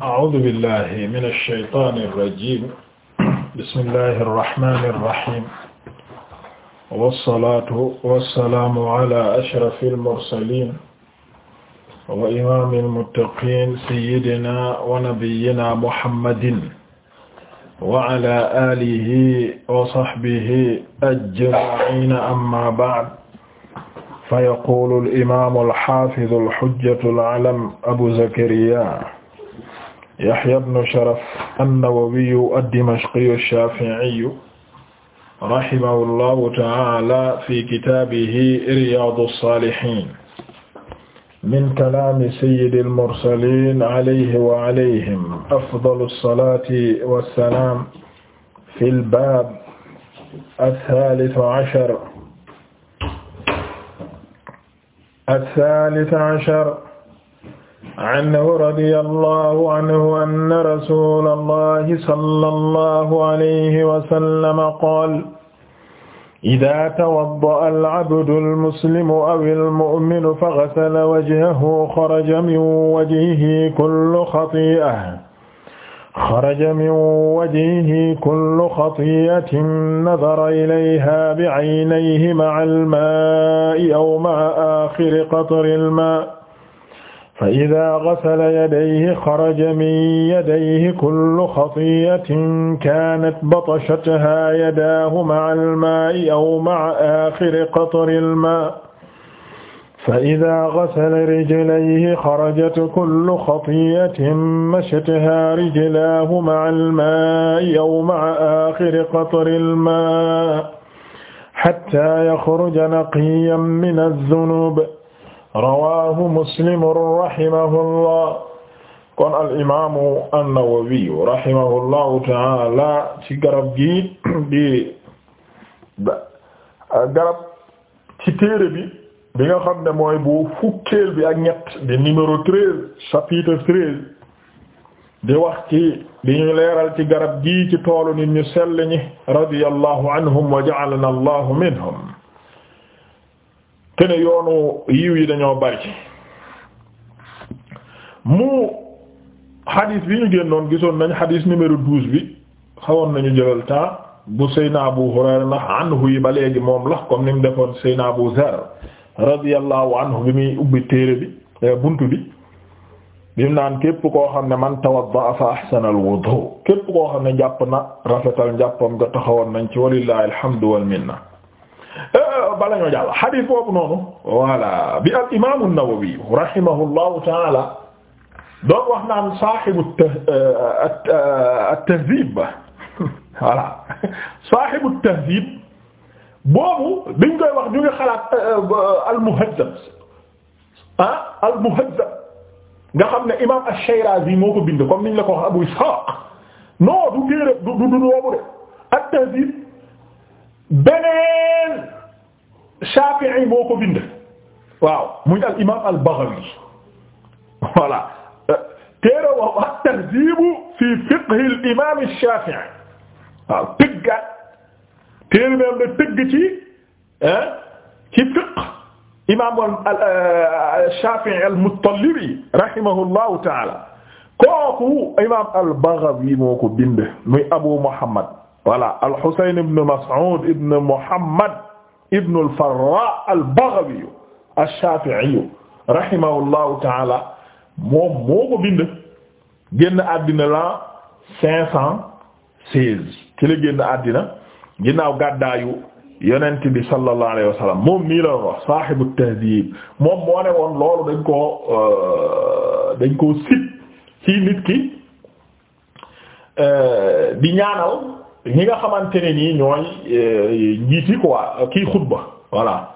a'uuzu billaahi mina shaytaani rajiim bismillaahi rahmaani rahiim wassalaatu wassalaamu alaa ashrafil mursaliin wa imaamil muttaqiin sayyidinaa wa nabiyyinaa muhammadin wa alaa aalihi wa sahbihi ajma'iina ammaa ba'd fa yaquulu al imaamul haafizu al hujjatul alam abu zakariyaa Yahya ibn Sharaf an-Nawawiyu ad-Dimashqiyu ash-Shafi'iyu rahimahullahu ta'ala fi kitaabihi Riyaadu s-Saalihiin min kalaami sayyidil mursaliin alayhi wa alayhim afdalu s-salaati wa s-salaam fil baab as-saalis ashar as-saalis ashar anhu radiyallahu anhu anna rasulallahi sallallahu alayhi wa sallam qaala idaa tawadda'a al-'abdu al-muslimu awi al-mu'minu faghasala wajhahu kharaja min wajhihi kullu khatii'atin kharaja min wajhihi kullu khatii'atin nadhara ilayhaa bi'aynayhi ma'a al-maa'i aw ma'a aakhiri qatri al-maa' fa idaa gasala yadayhi xaraja min yadayhi kullu xatiyatin kaanat batashathaa yadaahu ma'a al-maa'i aw ma'a aaxiri qatri al-maa' fa idaa gasala rijlayhi xarajat kullu xatiyatin mashathaa rijlaahu ma'a al-maa'i aw ma'a aaxiri qatri al-maa' hattaa yaxruja naqiyyan mina az-zunuub rawaahu muslim rahimahullah kon al imaamu an-Nawawi rahimahullahu taala ci garab gi di ah, garab ci téere bi bi nga xam ne mooy bu fukkeel bi ak ñett di numéro treize chapitre treize di wax ci di ñu leeral ci garab gi ci toolu nit ñu sell ñi radiyallahu anhum wa ja'alana allahu minhum kene yoonu yiw yi dañoo bari mu xadis bi ñu génnoon gisoon nañ xadis numéro douze bi xawoon nañu jëlal temps bu Seyna Abu Hurayra ndax anhu yi ba léegi moom la comme ni mu defoon Seyna Abu Zar radiyallahu anhu bi muy ubbi téere bi eh, bunt bi bi naan képp koo xam ne man tawadda fa ahsana al-wudu képp koo xam ne jàpp na rafetal njàppam nga taxawoon nañ ci walillahi alhamdu wal minna Euh, bala ñoo jàll xadiis boobu noonu voilà bi al imaamu Nawawi rahimahullahu taala doon wax naan saaxibu euh, euh, at-tahzib voilà saaxibu at-tahzib boobu biñ koy wax ñu ngi xalaat al-muhazzab ah al-muhazzab nga xam ne imaam ash-Shirazi moo ko bind comme niñ la ko wax Abu Ishaq non du téere du du du boobu de at-tahzib beneen Shafi'i moo ko bind waaw muy al imaam al Baghawi voilà téere wa at-Tahdhib fi fiqh al imaam Shafi'i waaw tëggat téere même da tëgg ci ci fiqh imaam al euh, Shafi'i al Muttalibi rahimahullahu ta'ala kooku imaam al Baghawi moo ko bind muy Abu Muhammad voilà al-Husayn ibn Mas'ud ibn Muhammad ibn al-Farra al-Baghawi ash-Shafi'i rahimahullahu ta'ala moom moo ko bind génn àddina la cinq cent seize ci la génn àddina ginnaaw gàddaayu yonent bi sallallahu alayhi wa sallam moom nii la wax saahibu tahdib moom moo ne woon loolu dañ koo euh, dañ koo sit ci nit ki euh, di ñaanal ñi nga xamante ne nii ñooy eh, njiit yi quoi kii xutba voilà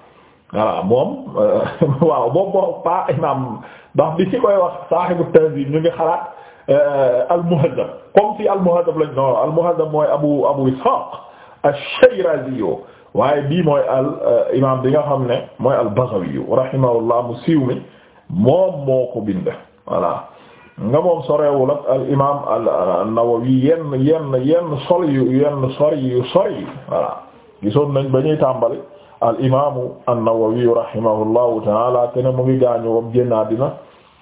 voilà moom euh, waaw boobu boo pa imam ndax bi ci koy wax saahibu tanzim ñu ngi xalaat euh, al-muhaddab comme si al-muhaddab lañ no al-muhaddab mooy abu abu ishaq ash-shirazi waaye bii mooy al euh, imam bi nga xam ne mooy al-baghawi rahimahullah mu siiw mi moom moo ko bind voilà nga moom sorewul ak al imaam an-Nawawi yenn yenn yenn yu yenn sori gisoon nañ ba ñuy tàmbali al imaamu an-Nawawi rahimahullahu taala te ne mu ngi gaañu woon génn àddina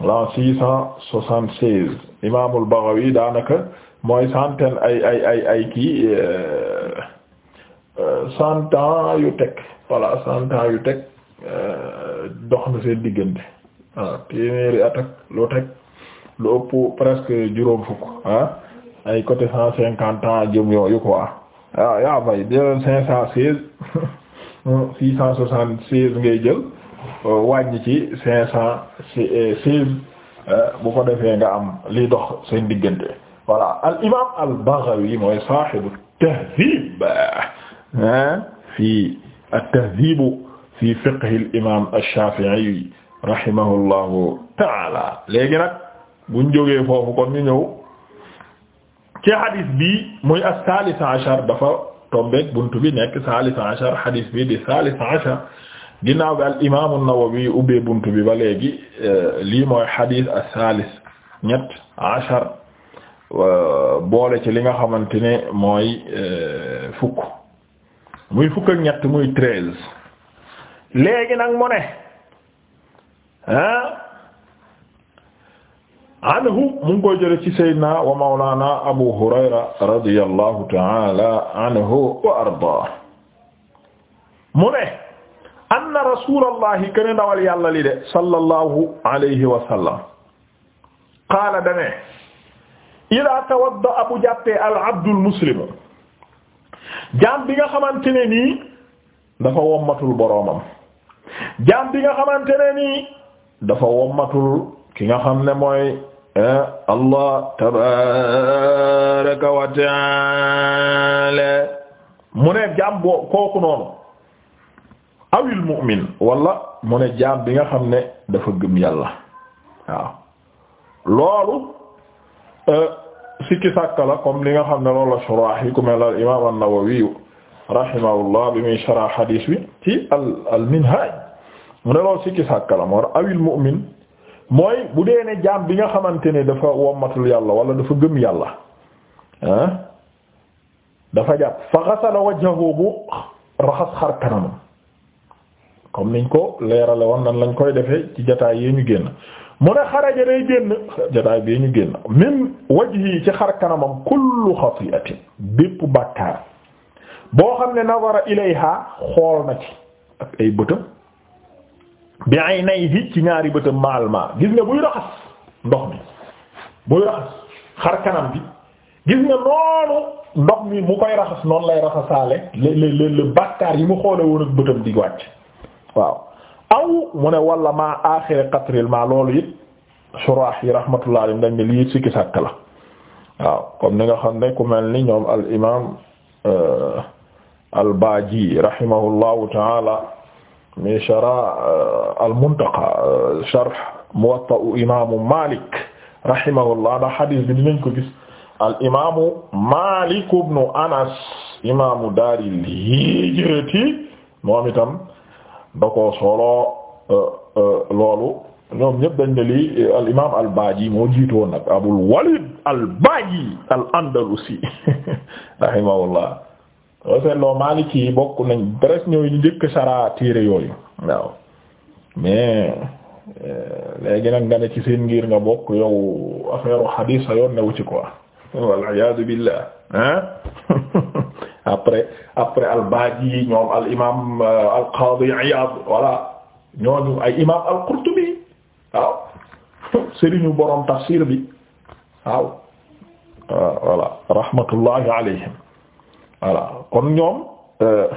l'an six cent soixante seize imaamul Baghawi daanaka mooy centaine ay ay ay ay kii euh, euh, cent ans yu teg voilà cent ans yu teg euh, dox na seen diggante waaw téeméeri lu teg. lu ëpp presque juróom fukk ah, ay côté cent cinquante ans jëm yooyu quoi waaw ah, yaa fay jëlal cinq cent seize six cent soixante ngay jël euh, wàññi ci cinq euh, euh, bu ko defee nga am li dox seen diggante voilà al imam al Baghawi mooy sahibu tahdhib ah, fi at-tahdhib fi fiqh al imam ash-Shafi'i rahimahullahu ta'ala léegi nag buñ jógee foofu kon ñu ñëw ci xadis bi muy as salisa ashar dafa tombeek bunt bi nekk salisa ashar xadis di salisa ginnaaw bi al imaamu bi ubbee buntu bi ba léegi euh, lii mooy xadis as salis ñett ashar boole ci li nga xamante ne mooy euh, fukk muy fukk ñett muy treize léegi nag mu ne ah anhu mu ko koy ci sayyidina wa mawlana abu hurayra radiyallahu ta'ala anhu wa arda mu ne anna rasulallahi kene dawal yàlla li de sallallahu alayhi wa sallam qaala dane ila tawadda abu jàppee al abdul muslimu jaam bi nga xamante ne ni dafa wommatul boroomam jaam bi nga xamante ne nii dafa wommatul ki nga xam ne mooy allah tabaraka wa taala mu ne jaam boo kooku noonu awil mu'min wala mu ne jaam bi nga xam ne dafa gëm yàlla waaw loolu e, sikki sàkka la comme li nga xam ne loolu la shuraax yi ku mel al imam an-Nawawi rahimahullah bi muy sharax hadis bi ci al al minhaj mu ne loolu sikki sàkka la moo awil mu'min mooy bu dee ne jaam bi nga xamante ne dafa wommatul yàlla wala dafa gëm yàlla ah dafa jàpp fa xasala a bu raxas xar comme niñ ko leerale woon nan lañ koy defee ci jataay yee ñu génn mu ne xaraja day génn jataay bi ñu génn min wajhi ci xar kanamam kullu xati'atin bépp bàkkaar boo xam ne na war a ilayha xool na ci ak ay bëtam bi ay nay hi ci ñaari bëtam maal ma gis nga buy raxas ndox mi buy raxas xar kanam bi gis nga noonu ndox mi mu koy raxas noonu lay raxasaale le le le bàkkaar yi mu xoole woon ak bëtam di wàcc waaw aw mu ne wala maa aaxire qatril maa loolu it suraax yi rahmatullah alayhim dañ ne lii sikki sàkk la waaw comme ni nga xam ne ku mel ni ñoom al imaam euh, al baaji mi shara eh, al-Muntaqa eh, sharh Muwatta imaamu Malik rahimahullah ndax xadis bi dinañ ko gis al imaamu Malik ibnu Anas imaamu daaril hijrati moom itam da koo solo eh, loolu ñoom ñëpp dañ ne lii al imaam al Baaji moo jiitoon nag Abul Walid al Baaji al Andalusi rahimahullah loolu seetloo Maliki yi bokk nañ presque ñooy ñu njëkk sara téere yooyu waaw mais euh, léegi nag nga ne ci seen ngir nga bokk yow affaire xadiis sa yoon newu ci quoi wal iyaadu billah hein après après ñoom al imaam euh, al qaadi Iyaad voilà ñooñu ay imaam al Qurtubi waaw sëriñu borom tafsir bi waaw voilà rahmatullahi alayhim voilà kon ñoom na euh,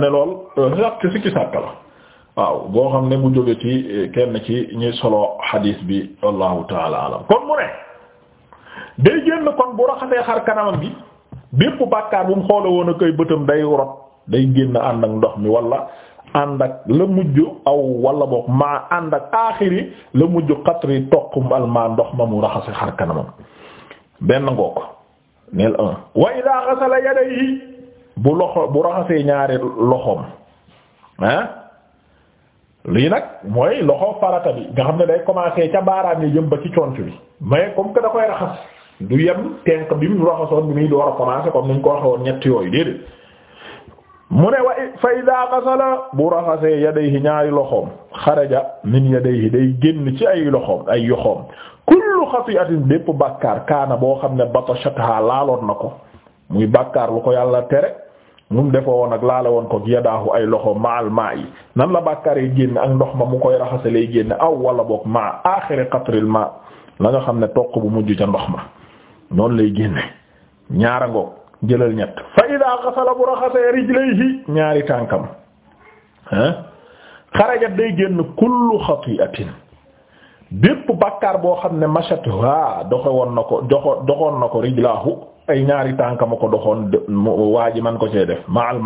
ne lool euh, sàkk sikki sàkk la waaw boo xam ne mu jóge ci eh, kenn ci ñi solo xadiis bi wallahu taala kon mu ne day génn kon bu raxasee xar kanamam bi bépp bàkkaar bu mu xoola woon a koy bëtam day rot day génn ànd ak ndox mi walla ànd ak la mujj aw wala boog maa ànd ak aaxiri la mujj xatri toqum al maa ndox ma mu raxase xar kanamam benn ngoog neel un wa idaa xasala bu loxo bu raxasee ñaari loxoom ah lii nag mooy loxo farata bi nga xam ne day commencer ca baaraam yi jëm ba ci conc bi mais comme que da koy raxas du yem tenk bi mu raxasoon bi muy door a commencer comme ni ñu ko waxee woon ñett yooyu déedéet mu ne wa fa idaa bu raxasee yadayhi ñaari loxoom xaraja min yadayhi day génn ci ay loxoom ay yoxoom kullu xati'atin bépp bàkkaar kaana boo xam ne batashatha laaloon na ko muy bàkkaar lu ko yàlla tere mu mu defoo woon ak laala woon ko yadaahu ay loxo maal maa nan la bàkkaar yi génn ak ndox ma mu koy raxase lay génn aw wala boog maa aaxiri qatril maa la nga xam ne toq bu mujj ca ndox ma noonu lay génne ñaara ngoog jëlal ñett fa xasala bu raxasee rijlayhi ñaari tànkam ah xarajat day génn kullu xati'atin bépp bàkkaar boo xam ne machat waa doxe woon na ko doxo doxoon na ko rijlaahu ay ñaari tànka tànkama ko doxoon waa ji man ko cee def ma al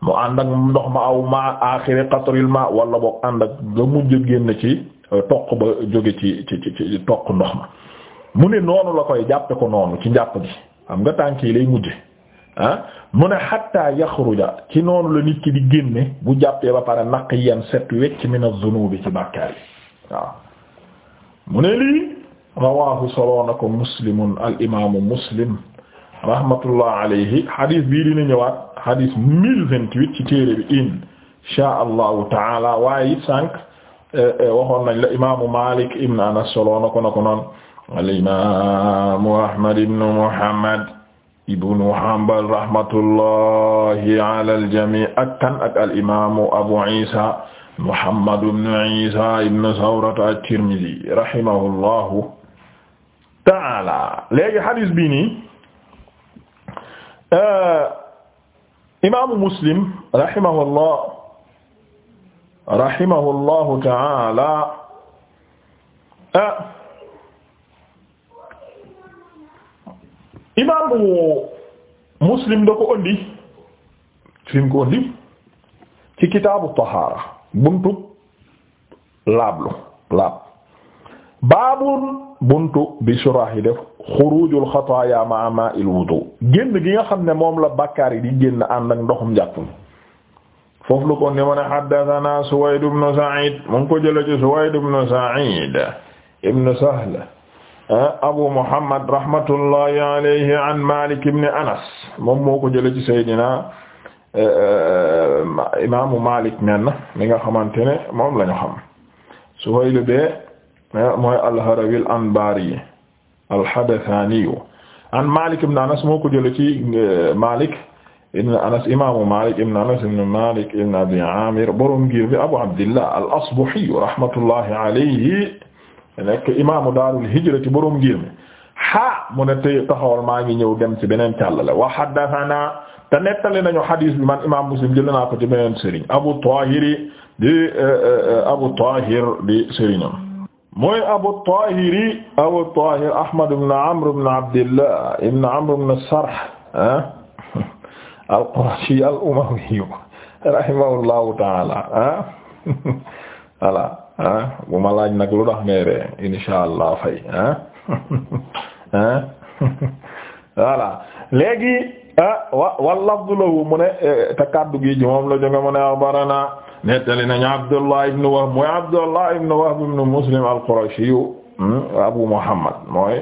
mu ànd ak ndox ma aw maa axiri qatril ma wala boog ànd ak nga mujj génn ci euh, toq ba jóge ci ci ci toq ndox ma mu ne noonu la koy jàppe ko noonu ci njàpp gi am nga tànk yi lay mujje ah mu ne xatta yaxruja ci noonu la nit ki di génne bu jàppee ba pare naqiyan set wecc min az-zunubi ci bàkkaar yi waaw mu ne lii rawaahu soloona ko muslimun al imaamu muslim rahmatullah alayhi hadith bii dina ñëwaat hadith mille vingt-huit ci téere bi insha allahu taala waaye it sànq eh, eh, waxoon nañ la imaamu Malik ibn Anas soloona ko na ko noon al imaamu Ahmad ibn Muhammad ibn Hanbal rahmatullahi ala al jamii ak kan ak al imaamu Abu Isa Muhammad ibn Isa ibn Sawrata at-Tirmidhi rahimahullahu ta'ala léegi hadis bi nii euh, imaamu Muslim rahimahullah rahimahullahu ta'ala euh, imaamu Muslim da ko indi fi mu ko indi ci kitaabu tahaara buntu laablu laab baabul buntu bi surah yi def xurujul xataaya ma ma il wudu génn gi nga xam ne moom la bakkaar yi di génn ànd ak ndoxum njàpp mi foofu lu ko ne mën a haddathana Suwayd ibn Sa'id mu ngi ko jële ci Sa'id ah, Abu Muhammad rahmatullahi alayhi an Malik ibn Anas moom ko jële Seydina Euh, euh, imaamu Malik nen mi nga xamante ne moom la ñu xam Suhayl be eh, mooy al-Harawi al-Anbari al-Hadathani an Malik ibn Anas moo ko jëlee ci eh, Malik ibn Anas imaamu Malik ibn Anas ibn Malik ibn Abi Amir borom ngir bi Abu Abdillah al-Asbahi rahmatullahi alayhi nekk imaamu daarul hijra ci borom ngir mi ha mu ne tey taxawal maa ngi ñëw dem ci beneen càllale wa haddathana te nettali nañu hadis bi man imam muslim jël naa ko ci beneen sëriñ abu tahir di eh, eh, abu tahir di sëriñam mooy abu tahiri abu tahir ahmad ibn amr ibn abdillah ibn amr ibn sarh ah, al qurashi al umawi rahimahullahu taala ah voilà ah bu ma laaj nag lu tax ngay ree insha allah fay ah ah voilà léegi ah, wa wal lafdu lahu mu ne eh, te kaddu gi ji moom la jóge mu ne axbarana nettali nañu Abdullah ibn Wahb mooy Abdullah ibn Wahb ibn Muslim al-Qurashi hmm, Abu Muhammad mooy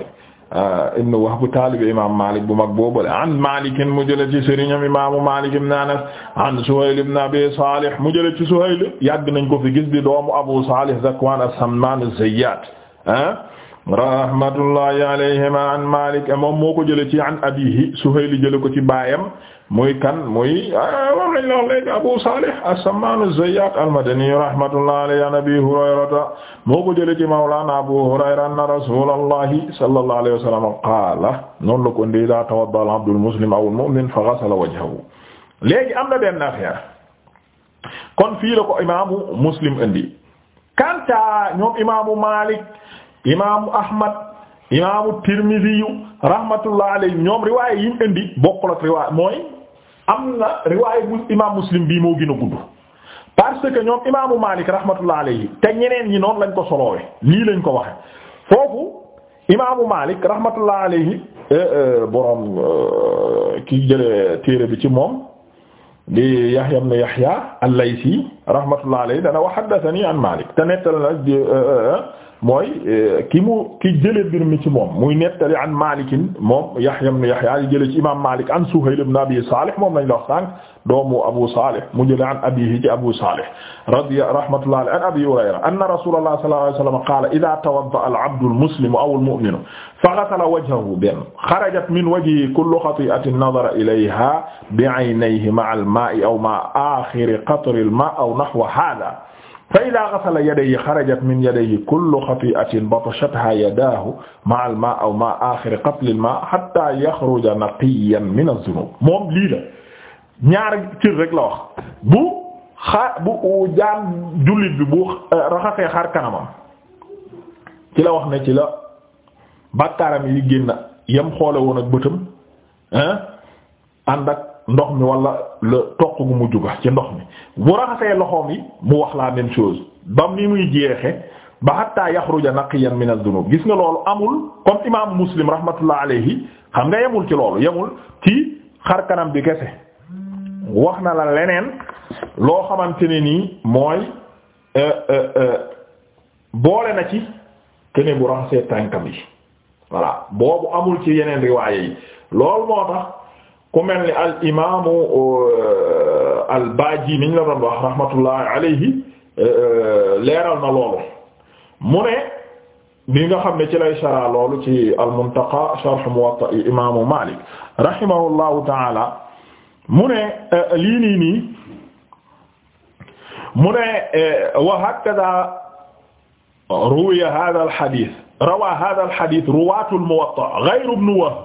ah, ibn Wahb taalibi imaam Maalik bu mag boobule an Maalik mu jële ci sëriñam imaamu Maalik ibn Anas an Suhayl ibn Abi Saalih mu jële ci Suhayl yàgg nañ ko fi gis di doomu Abu Saalih Zakwaan as-Sammaan az-Zayyaat rahmatullahi alayhima an Malik moom moo ko jëlee ci an abihi Suhayl jëlee ko ci baayam muy kan muy ah, wax nañ la wax léegi Abu Salih as-Samman az-Zayyat al-Madani rahmatullahi alayhi an Abi Hurayrata moo ko jëlee ci mawlana Abu Hurayra anna rasulallahi sallallahu alayhi wa sallam qaala noonu la ko ndee daa tawadda al-abdu al-muslim aw al-mu'min fa ghasala wajhahu léegi am na benn affaire kon fii la ko imaamu Muslim indi kanta ñoom imaamu Malik imaamu Ahmad imaamu Tirmidhi rahmatullah alayhi ñoom riwaay yi mu indi bokkul ak riwaay mooy am na riwaay bu imaam Muslim bii moo gën a gudd. parce que ñoom imaamu Malik rahmatullah alayhi te ñeneen ñi noonu lañ ko soloowe lii lañ ko waxe foofu imaamu Malik rahmatullah alayhi eh, eh, borom eh, ki jële téere bi ci moom di Yahya ibn Yahya al-Laythi rahmatullah alayhi dana wa haddathani an Malik te nettal na mooy euh, ki mu ki jële mbir mi ci moom muy nettali an malikin moom Yahya ibn Yahya yi jële ci imam Malik an Suhayl ibn Abi Salih moom lañ la wax sànq doomu Abu Salih mu jële an abihi ci Abu Salih radiya rahmatullah alayhi an Abi Hurayra anna Rasulullah sallallahu alayhi wasallam qala idha tawadda'a al-'abdu al-muslimu aw al-mu'minu faghasala wajhahu benn kharajat min wajhihi kullu khati'atin nadhara ilayha bi'aynayhi ma'a al-ma'i aw ma'a akhiri qatri al-ma' aw nahwa hadha fa idaa ghasala yadayhi xarajat min yadayhi kullu xati'atin batashathaa yadaahu ma'a al-maa'i aw ma'a aaxiri qatli al-maa'i hattaa yaxruja naqiyyan min az-zunub moom lii la ñaar cër rek la wax bu xaar bu jaam jullit bi bu euh, raxasee xar kanamam ci la wax ne ci la bàkkaaram yi génn yam xoole woon ak bëtam ah ànd ak ndox mi wala la toq gu mujj ga ci ndox mi bu raxasee loxoom yi mu wax laa même chose ba ni muy jeexe ba hatta yaxruja naqiyan min ad-dunub gis nga loolu amul comme imaamu muslim rahmatullah alayhi xam nga yemul ci loolu yemul ci xar kanam bi kese wax na la leneen loo xamante ne nii mooy euh, euh, euh, boole na ci kene bu raxasee tànkam yi voilà boobu amul ci yeneen riwaaye yi loolu moo tax ku mel ni al imaamu euh, al baaji niñ la doon wax rahmatullahi alayhi euh, leeral na loolu mu ne bi nga xam ne ci lay shara loolu ci al muntaqa sharh muwatta imaamu Maalik rahimahullahu taala mu ne euh, lii nii nii mu ne wa hakada ruwiya hada al hadith rawa hada al hadith ruwatul muwatta ghayr ibn Wahb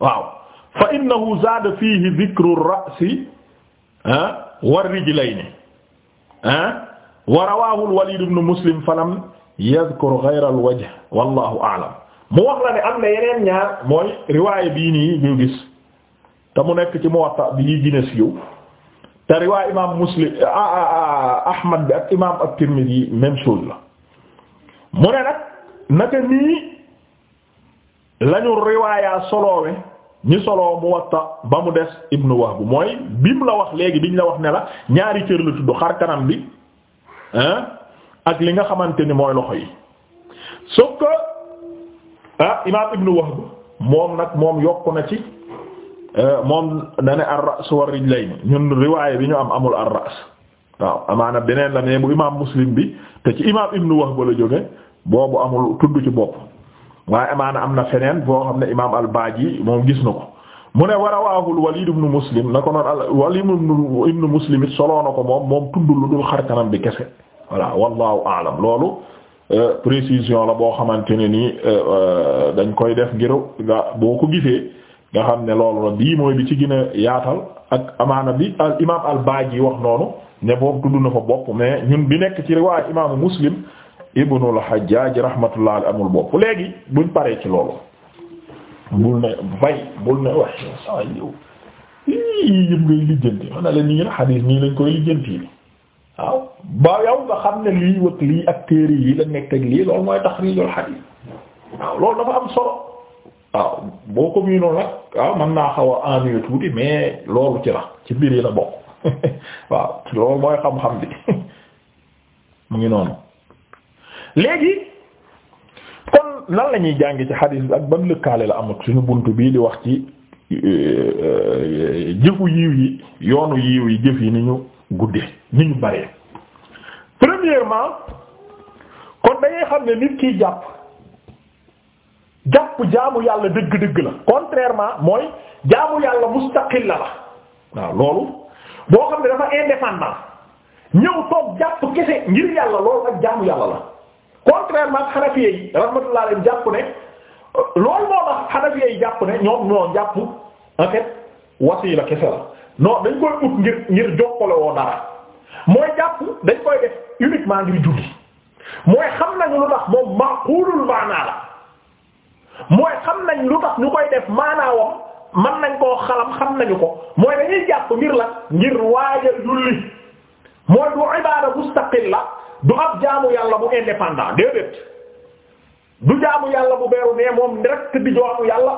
waaw fa innahu zaada fiihi dhikru ar-ra'si wa ar-rijlayni wa rawaahu al-Waliid ibn Muslim falam yadhkur ghayra al-wajh wallaahu a'lam mu wax la ne am na yeneen ñaar mooy riwaay bii nii ñu gis te mu nekk ci Muwatta bi yi gën a siiw te riwaay imaam Muslim Ahmad bi ak imaam at-Tirmidhi même chose la mu ne nag naka nii lañu riwaaya soloowe ñu soloo Muwatta ba mu des Ibnu bu mooy bim la wax léegi biñ la wax ne la ñaari cër la tudd xar kanam bi ak li nga xamante ni mooy loxo yi sauf que ah imaam Ibnu Wahb moom nag moom yokk na ci euh, moom da ne ar-ra's war ñun riwaaya bi ñu am amul ar-ra's waaw amaana beneen la ne bu imaam Muslim bi te ci imaam Ibnu Wahb la jóge boobu amul tudd ci bopp waaye amaana am na feneen boo xam ne imaam al-Baaji moom gis na ko mu ne war a waahul Walid ibn Muslim na ko noon al Walid ibn Muslim it soloo na ko moom moom tuddul lu dul xar kanam bi kese voilà wallahu aalam loolu euh, précision la boo xamante ne nii euh, euh, dañ koy def ngir nga boo ko gisee nga xam ne loolu la bii mooy bi ci gën yaatal ak amaana bi al imaam al wax noonu ne boobu tudd na fa bopp mais ñun bi nekk ci riwaaya imaamu Muslim Ibnul Hajjaj rahmatullah ala amul bopp léegi buñ paree ci loolu bul ne bay bul ne wax saa yow yii yëpp ngay lijjanti ma ne la nii la xadiis nii lañ koy lijjanti bi waaw ba yow nga xam ne lii wëkk lii ak téere yi la nekk ak lii loolu mooy taxriijul xadiis waaw loolu dafa am solo waaw boo ko miinoon nag waaw mën naa xaw a ennuyer tuuti mais loolu ci la ci biir yi la bokk waaw loolu mooy xam-xam bi mu ngi noonu. léegi kon lan la ñuy jàng ci xadiis bi ak ban lëkkaale la am suñu bunt bii di wax ci euh, jëfu yiw yi yoonu yiw yi jëf yi ni ñu guddee ni ñu bëree premièrement kon dangay xam ne nit kiy jàpp jàpp jaamu yàlla dëgg-dëgg la contrairement mooy jaamu yàlla mustaqil la la waaw loolu boo xam ne dafa indépendant ñëw toog jàpp kese ngir yàlla loolu ak jaamu yàlla la contrairement ak xanafiye yi rahmatullah leen jàpp ne loolu moo tax xanafiye yi jàpp ne ñoom ñoo jàpp en fait wasiila kese la non dañ koy ut ngir ngir jokkale woo dara mooy jàpp dañ koy def uniquement ngir julli mooy xam nañu lu tax moom maqulul maanaa la mooy xam nañ lu tax ñu koy def maanaawam mën nañ koo xalam xam nañu ko mooy dañuy jàpp ngir la ngir waajal julli mooy du ibaada mustaqilla du ab jaamu yàlla bu indépendant déedéet du jaamu yàlla bu beeru ne moom direct di jaamu yàlla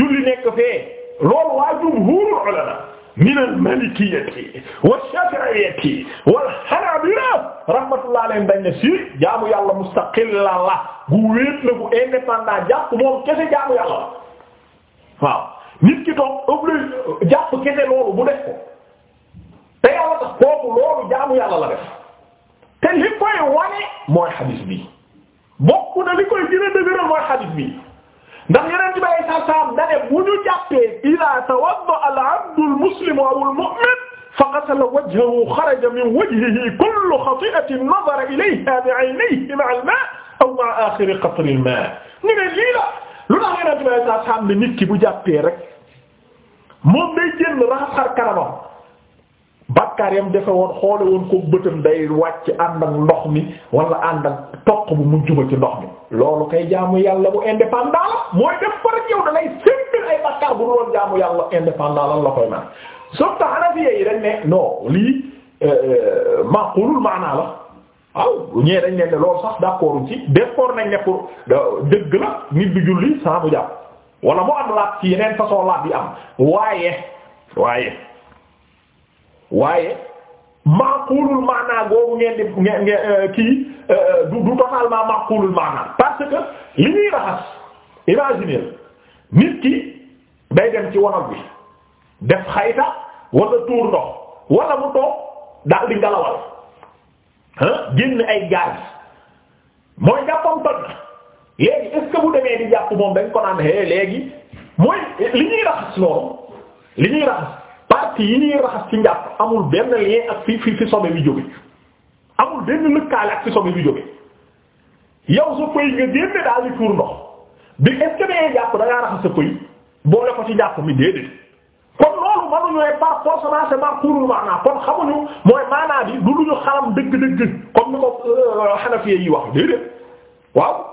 julli nekk fee loolu waa jumhuurul ulamaa min al-malikiyyati wa shafi'iyyati wal hanaabila rahmatullahi alayhim dañ ne si jaamu yàlla mustaqilla la gu wéet la gu indépendant jàpp moom kese jaamu yàlla waaw nit ki toog obligé kese loolu bu def ko te yàlla tax loolu jaamu yàlla la def. te li koy wane mooy xadis bi bokk na li koy gën a dëgëral mooy xadis bi ndax yeneen ci bàyyi saa saam da ne bu ñu jàppee ila tawadda al abdu al muslimu aw al mu'min fa ghasala wajhahu xaraja min wajhihi kullu xati'atin nadara ilayha bi 'aynayhi ma'a al ma' aw ma'a akhir qatri al ma' ñu ne lii la nit ki bu jàppee rek bàkkaar yam defe woon xoole woon ko bëtam day wàcc ànd ak ndox mi wala ànd ak toq bu mujj ba ci ndox mi loolu kay jaamu yàlla bu indépendant la mooy def par yow da lay séddal ay bàkkaar bu dul jaamu yàlla indépendant lan la koy man surtout Hanafiya yi dañ ne non lii euh, euh, maqulul maanaa la waaw ñee dañ ne loolu sax d'accord ci d'accord nañ ne pour dëgg la nit bi julli saa bu jàpp wala mu am laaj ci yeneen façon laaj bi am waaye waaye. waaye maaquulul maanaa googu ngeen di ngeen euh, kii euh, du du totalement maaquulul maanaa parce que li ñuy raxas imaginer nit ki day dem ci wanag bi def xayta walla tuur ndox wala mu toog daal ngalawal ah génn ay gaz mooy jàppam toj na léegi est bu demee di jàpp moom dañ ko naan léegi mooy li ñuy raxas loolu li ñuy raxas. partie yi amul benn lien ak fi fi fi sobe bi amul benn lëkkaale ak fi sobe bi jóge yow sa pëy nga génne daal di tuur ndox bi est-ce que dangay jàpp da raxas sa boole ko ci njàpp mi déedéet kon loolu mënuñu ne par forcément c'est par tuurul maanaa kon xamuñu mooy maanaa bi du luñu xalam dëgg-dëgg comme ni ko euh, Hanafi yi wax déedéet waaw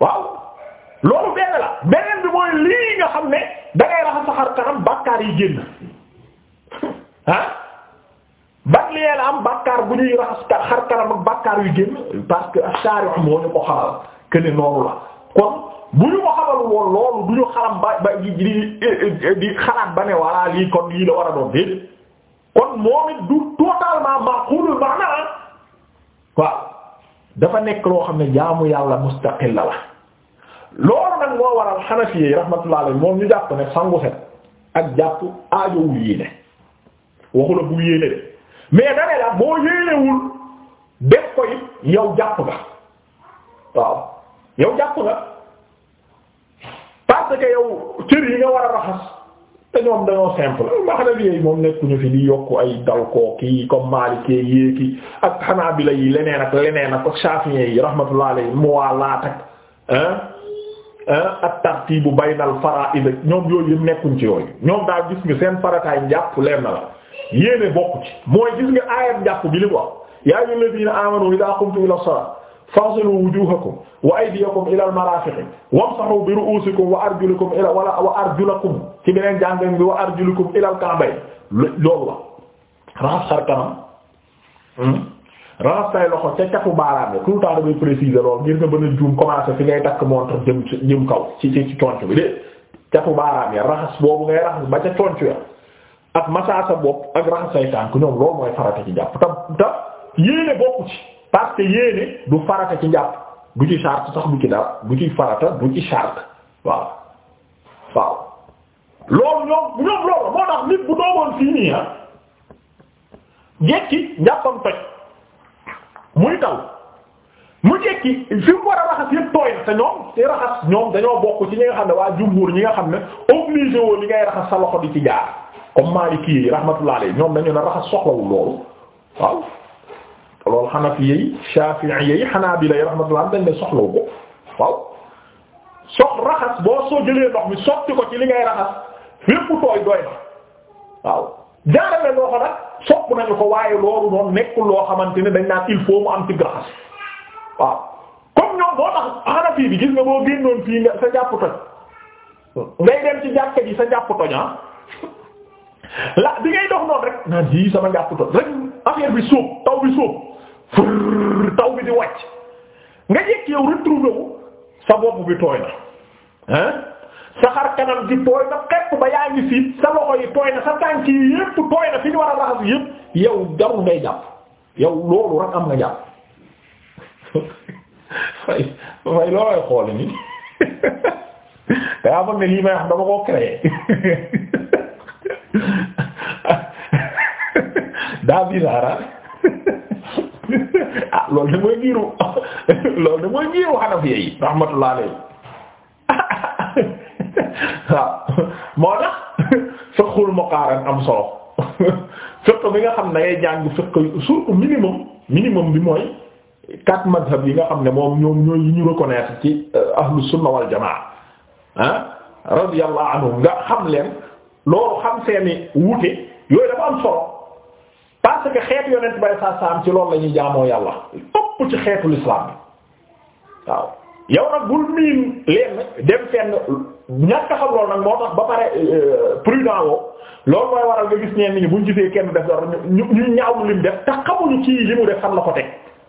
waaw loolu benn la beneen bi mooy lii nga xam ne da raxas sa xar kanam bàkkaar yi génn ah ban lee la am bàkkaar bu ñuy raxas xar kanam ak bàkkaar yu génn parce que shari'u moo ñu ko xamal que ne noonu la kon bu ñu ko xamal woon loolu du ñu xalam ba ba di di xalaat ba ne voilà lii kon lii la war a doon déedéet kon moom it du totalement maqulul maana waaw dafa nekk loo xam ne jaamu yàlla mustaqil la la. loolu nag moo waral yi rahmatullah alayhi moom ñu jàpp ne sangu set ak jàpp aajowul yéene waxu la bul yéene de mais dane la boo yéenewul def ko it yow jàpp nga jàpp nga parce que yow cër yi nga war a raxas te ñoom dañoo simple ma xanafi yi moom nekkuñu fi di yokk ay dal koo kii comme maalikee yéeki ak xanaabila yi leneen ak leneen ak ak shafi'i yi rahmatullah alayhi muwaalaat ak Euh, at-tartiibu baynal faraa'id ñoom yooyu yëpp nekkuñ ci yooyu ñoom daal gis nga seen farataay njàpp leer na la yéene bokk ci mooy gis nga aayat njàpp bi li mu wax yaa ayyuhal ladiina aamanu idaa qumtum ila salaati fagsilu wujuhakum wa aydiyakum ila al-marafiqi wamsahu bi ru'usikum wa arjulikum ila wala wa arjulakum ci beneen jàngan bi wa arjulikum ila al loolu la raxas xar kanam hmm? raxas tay loxo ca catu baaraam tout le temps dafay préciser lool ngir nga bën a juum commencé fi ngay takk montre jëm jëm kaw ci ci ci bi de catu baaraam ya raxas boobu ngay raxas ba ca conc ya ak massa sa bopp ak raxas say tànk ñoom loolu mooy farata ci jàpp te te yéene bokku ci parce que yéene du farata ci jàpp du ci charte sax du ci dara du ci farata du ci charte waaw loolu ñoom ñoom loolu moo tax nit bu doogoon fii nii ah jekki njàppam toj muy taw mu jekki fi mu war a raxas yëpp tooy na te ñoom te raxas ñoom dañoo bokk ci ñi nga xam ne waa jumhur ñi nga xam ne obligé woo li ngay raxas sa loxo di ci jaar comme Maliki yi rahmatullah alayhi ñoom dañu ne raxas soxlawul loolu waaw loolu Hanafi yi Shafi'i yi Hanabila yi rahmatullah dañ ne soxlawu ko waaw sox raxas boo soo jëlee ndox mi sotti ko ci li ngay raxas fépp tooy doy na waaw jaarale loxo nag sopp nañu ko waaye loolu noonu nekkul loo xamante ne dañ naan il faut am ci graxas waaw comme ñoom boo tax xanaa fii bi gis nga boo génnoon fii nga sa jàpp toj ngay dem ci jàkka jàpp toj ah la di ngay dox noonu rek naan ji sama jàpp toj rek affaire bi sóob taw bi sóob taw bi di wàcc nga jekk yow retrouvé wu sa bopp bi tooy na hein sa xar kanam tooy na xepp ba yaa ngi siit sa loxo tooy na sa tànk yi yépp tooy na fi ñu war a raxas yépp yow jarul ngay jàpp yow loolu rek am nga jàpp fay fay loolooy xool ni dangaa bëgg ne ah. ah loolu da mooy giiru loolu da mooy giiru Hanafi yi rahmatullah alayhi waaw moo tax fiqhul muqaaran am solo fiqh bi nga xam ne ngay jàng fiqh surtout minimum minimum bi mooy quatre madhab yi nga xam ne moom ñoom ñooy yi ñu reconnaître ci euh, ahlu sunna wal jamaa ah radiyallahu anhum nga xam leen loolu xam seeni wuute yooyu dafa am solo parce que yonent bay sa saam ci loolu lañuy ñuy jaamoo yàlla topp ci xeetu l'islam waaw yow nag bul miin leen dem fenn ñàkk xam loolu nag moo tax ba pare euh, prudent woo loolu mooy waral nga gis ñenn ñi buñ gisee kenn def dara ñu ñu ñaawlu lim def te xamuñu kii li mu def xam na ko teg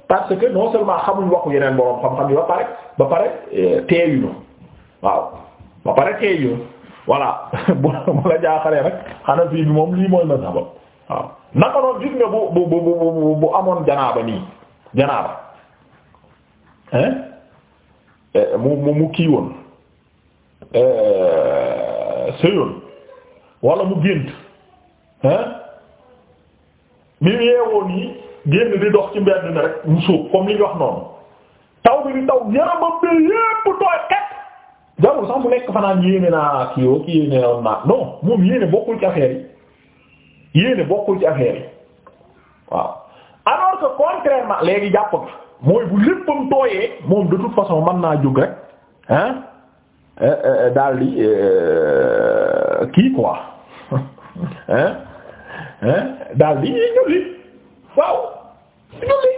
parce que non seulement xamuñ waxu yeneen boroom xam-xam yi ba pare ba pare euh, teeyuñu waaw ba pare teeyuñu voilà bu la jaaxalee rek xanaa fii bi moom lii mooy la sabab waaw naka noonu gis nga bu bu bu bu amoon janaaba nii janaaba hein Eh, mu mu kii woon eh, wala mu gént hein bi mu yeewoon yi di dox ci mbedd mi mu suuf comme li ñu wax taw bi di taw yaramam bi yépp tooy kat jarul sax mu nekk fanaan yéene naa kii woo ki yéene woon naa non moom yéene bokkul ci affaire yi yéene bokkul ci affaire yi waaw alors que contrairement nga mooy bu léppam tooyee moom de toute façon mën naa jóg rek hein euh, euh, euh, daal di kii quoi hein hein daal di julli waaw julli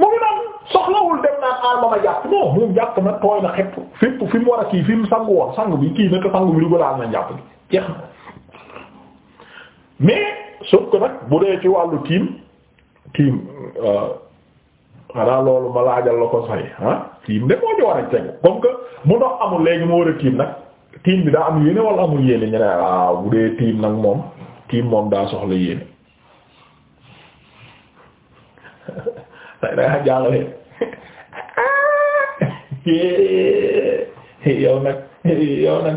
mu ngi naan soxlawul dem naan aar ah, ba ma jàpp non moom jàpp na tooy na xepp fépp fi mu war a kii fi mu sangu woon sangu bi kii nag sangu bi du ko laal na jàpp bi jeex na nag bu dee ci wàllu tiim tiim. xanaa loolu ma laajal la ko say ah tiim de moo ci amul léegi mu war a tiim nag tiim bi daa am yéene wala amul yéene ñu ne waaw ah, bu dee tiim nag moom tiim moom daa soxla yéene tay dangaa yow nag yow nag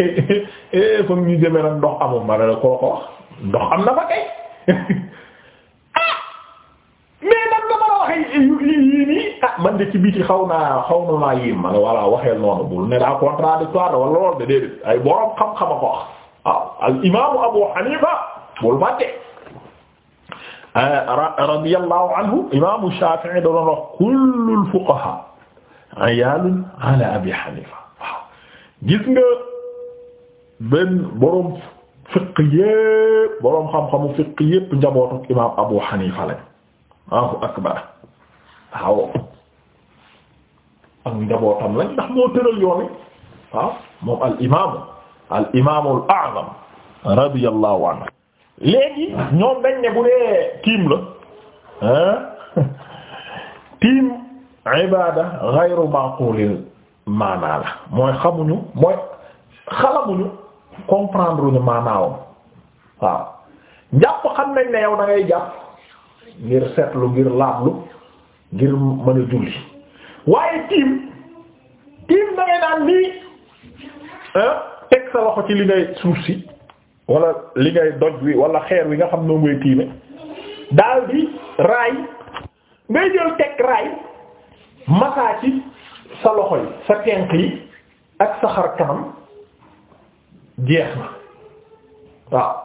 eh, foog ñu jëme nag ndox amul ma ne la ko wax ndox am na fa kay waxee yii nii man de ci biti xaw naa xaw na maa yim man bul ne daa contradictoire wala lool de déedéet ay borom xam-xama ko wax ah, al imaamu Abu Hanifa bul màtte ah, radiyallahu anhu imaamu Shafi'i da doon wax kullul fuqaha ayaalun ala Abi Hanifa waaw gis nga benn borom fiq yépp borom xam-xamu fiq yépp njabootu imaam Abu Hanifa lañ Allahu akbar waaw ak njabootam lañ ndax moo tëral yoon waaw moom al imaamu al imaamul a'zam léegi ñoom dañ bu dee tiim la ah tiim ibada ghayru maqulil maanaa la mooy xamuñu mooy xalamuñu comprendre ñu maanaawam waaw njàpp xam nañ ne yow da ngir seetlu ngir laablu ngir mën a julli waaye tiim tiim da naan nii ah, teg sa loxo ci li ngay suuf si walla li ngay doj wi wala xeer wi nga xam noo ngay tiime daal di raay ngay jël teg raay masaa ci sa loxo yi sa tenq yi ak sa xar kanam jeex na waaw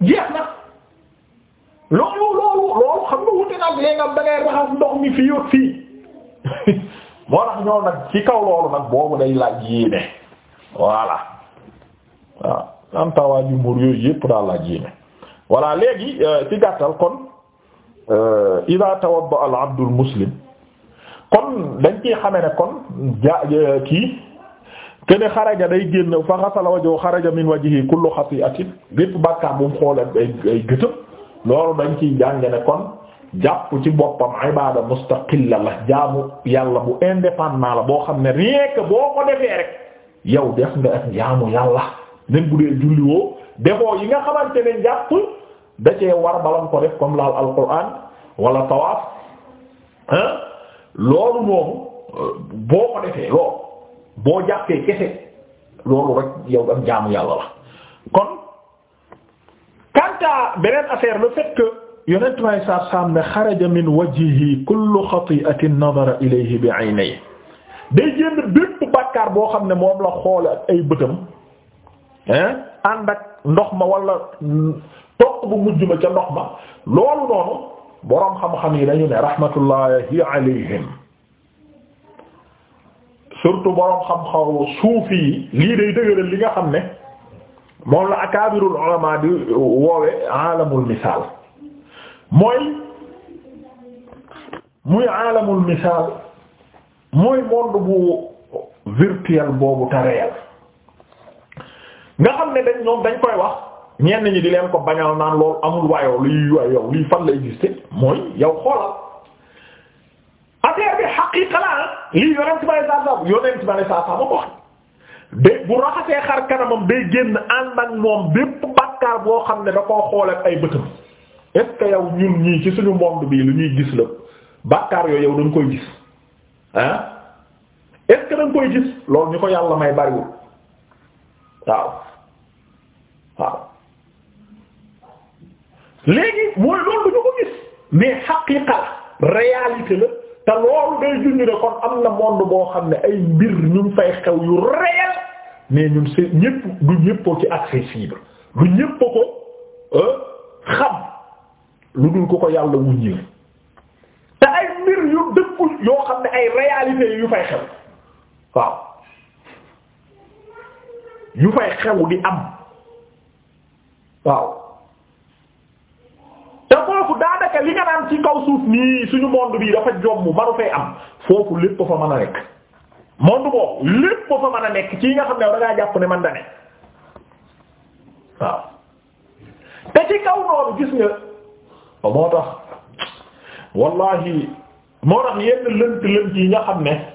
jeex na loolu loolu loolu xam nga wuti nag léegi am da raxas ndox mi fii ak fii moo tax ñoo nag ci kaw loolu nag boobu day laaj yéene voilà waaw am tawaa ju mbur yooyu yépp daal laaj yéene voilà léegi euh, ci gàttal kon euh, ida tawadda al abdul muslim kon dañ ciy xame ne kon ja euh, kii kene xaraja day génn fa xasala wajoo xaraja min wajhihi kullu xati'atin lépp bàkkaar bu mu xoolee ay ay loolu dañ ciy jànge ne kon jàpp ci boppam ibada mustaqilla la jaamu yàlla bu indépendant la boo xam ne rien que boo ko defee rek yow def nga ak jaamu yàlla même bu dee julliwoo defoo yi nga xamante ne jàpp da war balam ko def comme laal alquran wala tawaaf ah loolu noonu boo ko defee loolu boo jàppee kese loolu rek yow ak jaamu yàlla la kon quant à beneen affaire le fait que yonent may saa saam ne xaraja min wajhihi kullu xati'atin nadara ilayhi bi aynayhi day génn bépp bàkkaar boo xam ne moom la xoole ak ay bëtam hein ànd ak ndox ma wala toq bu mujj ma ca ndox ma loolu noonu boroom xam-xam yi dañu ne rahmatullahi alayhim surtout boroom xam-xam suufi yi lii day dëgëral li nga xam ne moom la akaabirul ulama di woowe aalamul misaal mooy muy aalamul misaal mooy monde bu virtuel boobu taréel nga xam ne dañ ñoom dañ koy wax ñeen ñi di leen ko bañal naan loolu amul waayow luy waay yow fan la exister mooy yow xoolal affaire bi xaqiqa la ah. lii yonent bi sallallahu alayhi wasallam yonent ko wax de bu raxasee xar kanamam day génn ànd ak moom bépp bàkkaar boo xam ne da koo xool ay bëtam est ce que ñun ñii ci suñu monde bii lu ñuy gis la bàkkaar yooyu yow dañ koy gis ah est ce koy gis loolu ñu ko yàlla may bariwul waaw waaw léegi mooy loolu du ñu ko gis mais xaqiiqa la la. te loolu day junni ne kon am na monde boo xam ne ay mbir ñu fay xew yu réel mais ñun si ñépp du ñépp ci accessible du ñépp ko euh, xam lu dul ko ko yàlla wuññil te ay mbir yu dëkku yoo xam ne ay réalité yu fay xew waaw yu fay xew di am waaw daanaka li nga naan ci kaw suuf nii suñu monde bii dafa jomm manu fay am foofu lépp fa mën a nekk monde boobu lépp fa mën a nekk ci nga xam ne da ngaa jàpp ne man da ne waaw te ci kaw noonu gis nga moo tax wallahi moo tax yenn lënt lënt yi nga xam ne